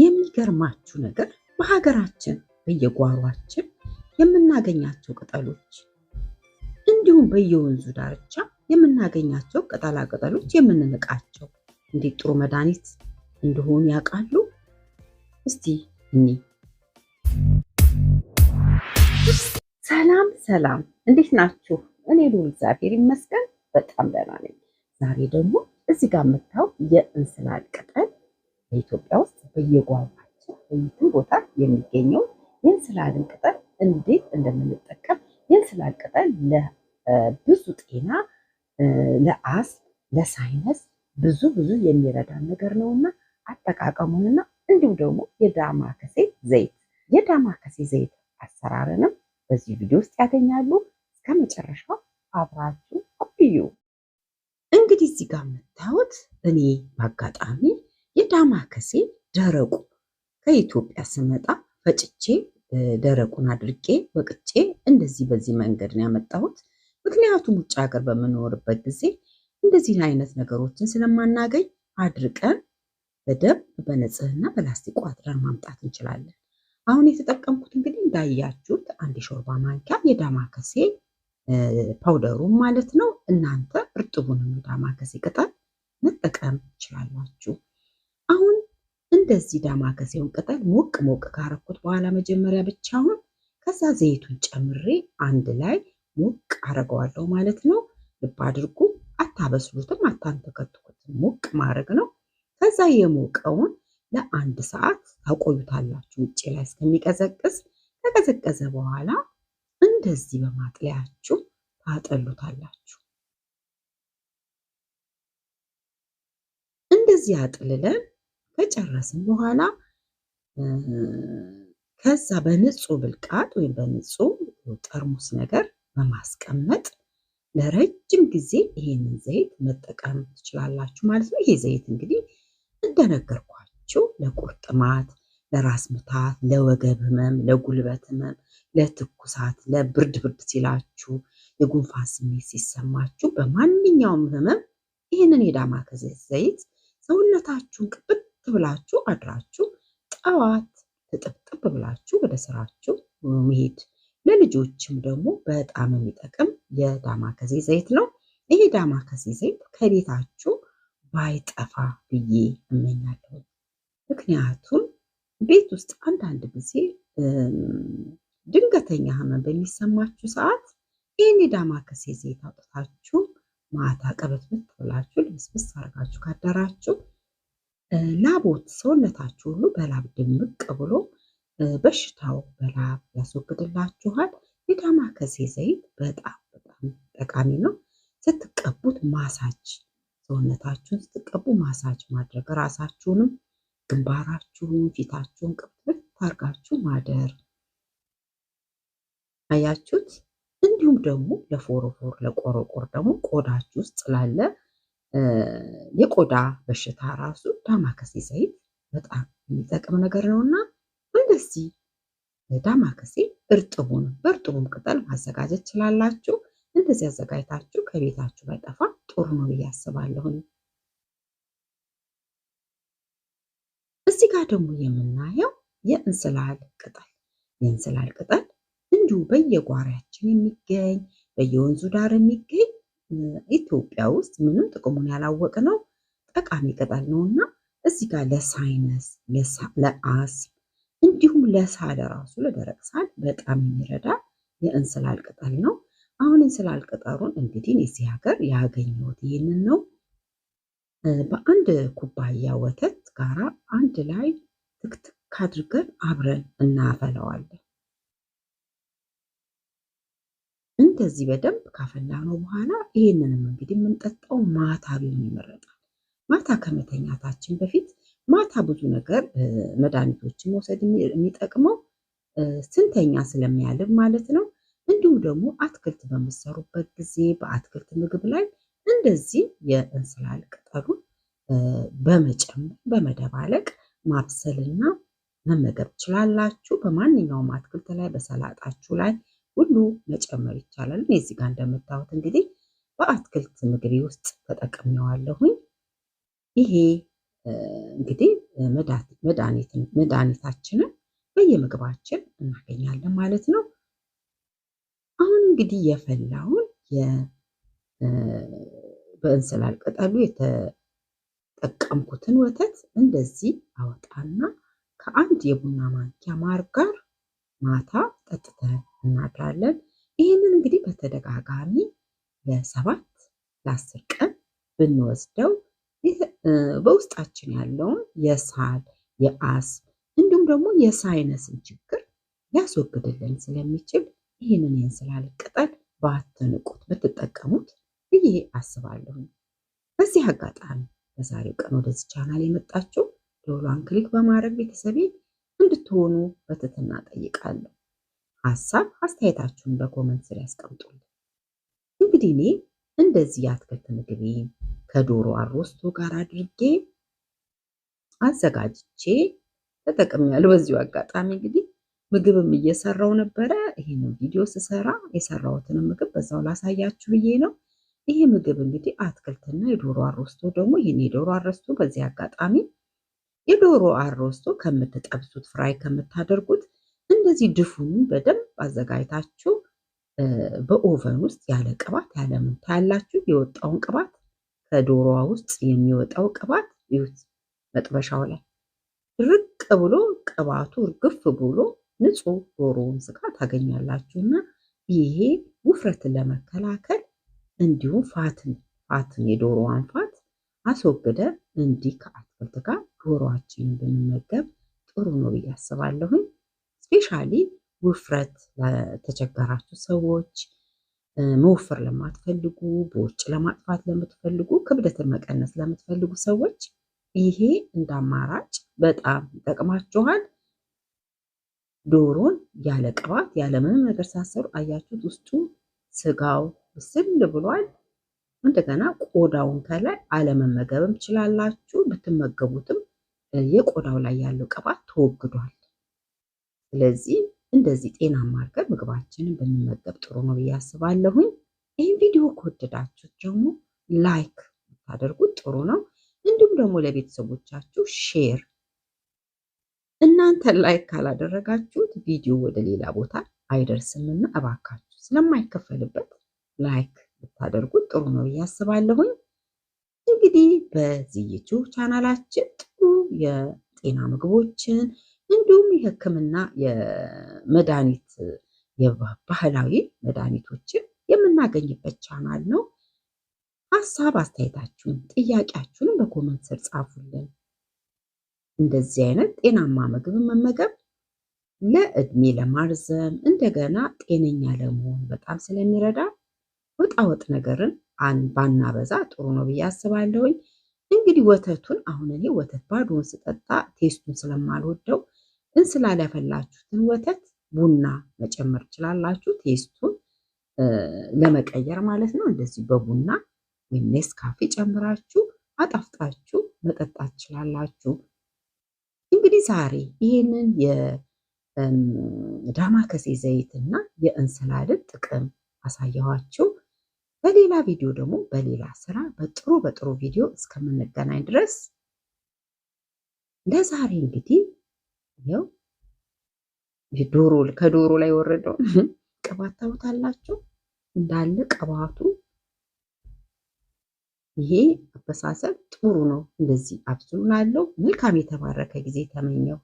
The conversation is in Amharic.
የሚገርማችሁ ነገር በሀገራችን በየጓሯችን የምናገኛቸው ቅጠሎች እንዲሁም በየወንዙ ዳርቻ የምናገኛቸው ቅጠላ ቅጠሎች የምንንቃቸው እንዴት ጥሩ መድኃኒት እንደሆኑ ያውቃሉ? እስቲ እኒ ሰላም ሰላም፣ እንዴት ናችሁ? እኔ ሉል እግዚአብሔር ይመስገን በጣም ደህና ነኝ። ዛሬ ደግሞ እዚህ ጋር የምታው የእንስላል ቅጠል በኢትዮጵያ ውስጥ በየጓሯችን በየትም ቦታ የሚገኘው የእንስላልን ቅጠል እንዴት እንደምንጠቀም የእንስላል ቅጠል ለብዙ ጤና፣ ለአስ፣ ለሳይነስ ብዙ ብዙ የሚረዳ ነገር ነውና አጠቃቀሙንና እንዲሁም ደግሞ የዳማከሴ ዘይት የዳማከሴ ዘይት አሰራርንም በዚህ ቪዲዮ ውስጥ ያገኛሉ። እስከ መጨረሻው አብራችሁ ቆዩ። እንግዲህ እዚህ ጋር የምታዩት እኔ በአጋጣሚ የዳማከሴ ደረቁ ከኢትዮጵያ ስመጣ ፈጭቼ ደረቁን አድርቄ ወቅጬ እንደዚህ በዚህ መንገድ ነው ያመጣሁት። ምክንያቱም ውጭ ሀገር በምኖርበት ጊዜ እንደዚህ አይነት ነገሮችን ስለማናገኝ አድርቀን በደንብ በንጽህና በላስቲክ ቋጥረን ማምጣት እንችላለን። አሁን የተጠቀምኩት እንግዲህ እንዳያችሁት አንድ የሾርባ ማንኪያ የዳማከሴ ፓውደሩን ማለት ነው። እናንተ እርጥቡንም የዳማከሴ ቅጠል መጠቀም ትችላላችሁ። እንደዚህ ዳማከሴውን ቅጠል ሞቅ ሞቅ ካረኩት በኋላ መጀመሪያ ብቻውን ከዛ ዘይቱን ጨምሬ አንድ ላይ ሞቅ አረገዋለሁ ማለት ነው። ልብ አድርጉ፣ አታበስሉትም፣ አታንተከትኩትም። ሞቅ ማድረግ ነው። ከዛ የሞቀውን ለአንድ ሰዓት ታቆዩታላችሁ ውጭ ላይ እስከሚቀዘቅዝ። ከቀዘቀዘ በኋላ እንደዚህ በማጥለያችሁ ታጠሉታላችሁ። እንደዚህ አጥልለን ከጨረስን በኋላ ከዛ በንጹህ ብልቃጥ ወይም በንጹህ ጠርሙስ ነገር በማስቀመጥ ለረጅም ጊዜ ይሄንን ዘይት መጠቀም ትችላላችሁ ማለት ነው። ይሄ ዘይት እንግዲህ እንደነገርኳችሁ ለቁርጥማት፣ ለራስ ምታት፣ ለወገብ ህመም፣ ለጉልበት ህመም፣ ለትኩሳት፣ ለብርድ ብርድ ሲላችሁ፣ የጉንፋን ስሜት ሲሰማችሁ፣ በማንኛውም ህመም ይህንን የዳማከሴ ዘይት ሰውነታችሁን ቅብጥ ብላችሁ አድራችሁ ጠዋት ጥብጥብ ብላችሁ ወደ ስራችሁ መሄድ። ለልጆችም ደግሞ በጣም የሚጠቅም የዳማከሴ ዘይት ነው። ይሄ ዳማከሴ ዘይት ከቤታችሁ ባይጠፋ ብዬ እመኛለሁ። ምክንያቱም ቤት ውስጥ አንዳንድ ጊዜ ድንገተኛ ህመም በሚሰማችሁ ሰዓት ይህን የዳማከሴ ዘይት አውጥታችሁ ማታ ቀበትበት ብላችሁ ልብስብስ አድርጋችሁ ካደራችሁ ላቦት ሰውነታችሁ ሁሉ በላብ ድምቅ ብሎ በሽታው በላብ ያስወግድላችኋል። የዳማከሴ ዘይት በጣም በጣም ጠቃሚ ነው። ስትቀቡት ማሳጅ ሰውነታችሁን ስትቀቡ ማሳጅ ማድረግ ራሳችሁንም፣ ግንባራችሁን፣ ፊታችሁን ቅብት ታርጋችሁ ማደር አያችሁት። እንዲሁም ደግሞ ለፎሮፎር ለቆረቆር ደግሞ ቆዳችሁ ውስጥ ላለ የቆዳ በሽታ ራሱ ዳማከሴ ዘይት በጣም የሚጠቅም ነገር ነው እና እንደዚህ ዳማከሴ እርጥቡን በእርጥቡም ቅጠል ማዘጋጀት ትችላላችሁ። እንደዚህ አዘጋጅታችሁ ከቤታችሁ ባይጠፋ ጥሩ ነው ብዬ አስባለሁኝ። እዚህ ጋር ደግሞ የምናየው የእንስላል ቅጠል የእንስላል ቅጠል እንዲሁ በየጓሪያችን የሚገኝ በየወንዙ ዳር የሚገኝ ኢትዮጵያ ውስጥ ምንም ጥቅሙን ነው ጠቃሚ ቅጠል ነው እና እዚህ ጋር ለሳይነስ ለአስም እንዲሁም ለሳል ራሱ ለደረቅ ሳል በጣም የሚረዳ የእንስላል ቅጠል ነው። አሁን እንስላል ቅጠሩን እንግዲህ እዚህ ሀገር ያገኘሁት ይህንን ነው። በአንድ ኩባያ ወተት ጋራ አንድ ላይ ትክትክ አድርገን አብረን እናፈለዋለን። እንደዚህ በደንብ ካፈላ ነው በኋላ ይህንንም እንግዲህ የምንጠጣው ማታ ቢሆን ይመረጣል። ማታ ከመተኛታችን በፊት ማታ ብዙ ነገር መድኃኒቶችን መውሰድ የሚጠቅመው ስንተኛ ስለሚያልብ ማለት ነው። እንዲሁም ደግሞ አትክልት በምሰሩበት ጊዜ በአትክልት ምግብ ላይ እንደዚህ የእንስላል ቅጠሉን በመጨመር በመደባለቅ ማብሰልና መመገብ ትችላላችሁ። በማንኛውም አትክልት ላይ በሰላጣችሁ ላይ ሁሉ መጨመር ይቻላል። እኔ እዚህ ጋር እንደምታዩት እንግዲህ በአትክልት ምግቤ ውስጥ ተጠቅሜዋለሁኝ። ይሄ እንግዲህ መድኃኒታችንን በየምግባችን እናገኛለን ማለት ነው። አሁን እንግዲህ የፈላውን በእንስላል ቅጠሉ የተጠቀምኩትን ወተት እንደዚህ አወጣና ከአንድ የቡና ማንኪያ ማር ጋር ማታ ጠጥተን እናድራለን። ይህንን እንግዲህ በተደጋጋሚ ለሰባት ለአስር ቀን ብንወስደው በውስጣችን ያለውን የሳል የአስ እንዲሁም ደግሞ የሳይነስን ችግር ሊያስወግድልን ስለሚችል ይህንን የእንስላል ቅጠል ባትንቁት ብትጠቀሙት ብዬ አስባለሁ። በዚህ አጋጣሚ በዛሬው ቀን ወደዚህ ቻናል የመጣችሁ ደውሏን ክሊክ በማድረግ ቤተሰቤ እንድትሆኑ በትህትና ጠይቃለሁ። ሀሳብ አስተያየታችሁን በኮመንት ስር ያስቀምጡልን። እንግዲህ እኔ እንደዚህ የአትክልት ምግቤ ከዶሮ አሮስቶ ጋር አድርጌ አዘጋጅቼ ተጠቅሜያለሁ። በዚሁ አጋጣሚ እንግዲህ ምግብም እየሰራው ነበረ። ይህንን ቪዲዮ ስሰራ የሰራውትን ምግብ በዛው ላሳያችሁ ብዬ ነው። ይሄ ምግብ እንግዲህ አትክልትና የዶሮ አሮስቶ ደግሞ ይህን የዶሮ አሮስቶ በዚህ አጋጣሚ የዶሮ አሮስቶ ከምትጠብሱት ፍራይ ከምታደርጉት እንደዚህ ድፉን በደንብ አዘጋጅታችሁ በኦቨን ውስጥ ያለ ቅባት ያለ ምን ታያላችሁ። የወጣውን ቅባት ከዶሮዋ ውስጥ የሚወጣው ቅባት ይሁት መጥበሻው ላይ ርቅ ብሎ ቅባቱ እርግፍ ብሎ ንጹህ ዶሮውን ስጋ ታገኛላችሁ እና ይሄ ውፍረትን ለመከላከል እንዲሁም ፋትን ፋትን የዶሮዋን ፋት አስወግደ እንዲህ ከአትክልት ጋር ዶሮዋችንን ብንመገብ ጥሩ ነው ብዬ አስባለሁኝ። ስፔሻሊ ውፍረት ለተቸገራችሁ ሰዎች፣ መወፈር ለማትፈልጉ፣ በውጭ ለማጥፋት ለምትፈልጉ፣ ክብደትን መቀነስ ለምትፈልጉ ሰዎች ይሄ እንደ አማራጭ በጣም ይጠቅማችኋል። ዶሮን ያለ ቅባት ያለ ምንም ነገር ሳሰሩ አያችሁት፣ ውስጡ ስጋው ብስል ብሏል። እንደገና ቆዳውን ከላይ አለመመገብም ትችላላችሁ። ብትመገቡትም የቆዳው ላይ ያለው ቅባት ተወግዷል። ስለዚህ እንደዚህ ጤናማ አድርገን ምግባችንን ብንመገብ ጥሩ ነው ብዬ አስባለሁኝ። ይህን ቪዲዮ ከወደዳችሁት ደግሞ ላይክ ብታደርጉት ጥሩ ነው። እንዲሁም ደግሞ ለቤተሰቦቻችሁ ሼር እናንተ ላይክ ካላደረጋችሁት ቪዲዮ ወደ ሌላ ቦታ አይደርስምና እባካችሁ ስለማይከፈልበት ላይክ ብታደርጉት ጥሩ ነው ብዬ አስባለሁኝ። እንግዲህ በዚህ ዩቲዩብ ቻናላችን ጥሩ የጤና ምግቦችን እንዲሁም የህክምና የመድኃኒት ባህላዊ መድኃኒቶችን የምናገኝበት ቻናል ነው። ሀሳብ አስተያየታችሁን፣ ጥያቄያችሁንም በኮመንት ስር ጻፉልን። እንደዚህ አይነት ጤናማ ምግብ መመገብ ለእድሜ ለማርዘም እንደገና ጤነኛ ለመሆን በጣም ስለሚረዳ ወጣ ወጥ ነገርን ባናበዛ ጥሩ ነው ብዬ አስባለሁኝ። እንግዲህ ወተቱን አሁን እኔ ወተት ባዶውን ስጠጣ ቴስቱን ስለማልወደው እንስላል ያፈላችሁትን ወተት ቡና መጨመር ትችላላችሁ። ቴስቱን ለመቀየር ማለት ነው። እንደዚህ በቡና ወይም ኔስካፌ ጨምራችሁ አጣፍጣችሁ መጠጣት ትችላላችሁ። እንግዲህ ዛሬ ይህንን የዳማከሴ ዘይትና የእንስላልን ጥቅም አሳየኋችሁ። በሌላ ቪዲዮ ደግሞ በሌላ ስራ በጥሩ በጥሩ ቪዲዮ እስከምንገናኝ ድረስ ለዛሬ እንግዲህ ያው ዶሮ ከዶሮ ላይ ወረደው ቅባት ታውታላችሁ እንዳለ ቅባቱ። ይሄ አበሳሰብ ጥሩ ነው። እንደዚህ አለው። መልካም የተባረከ ጊዜ ተመኘው።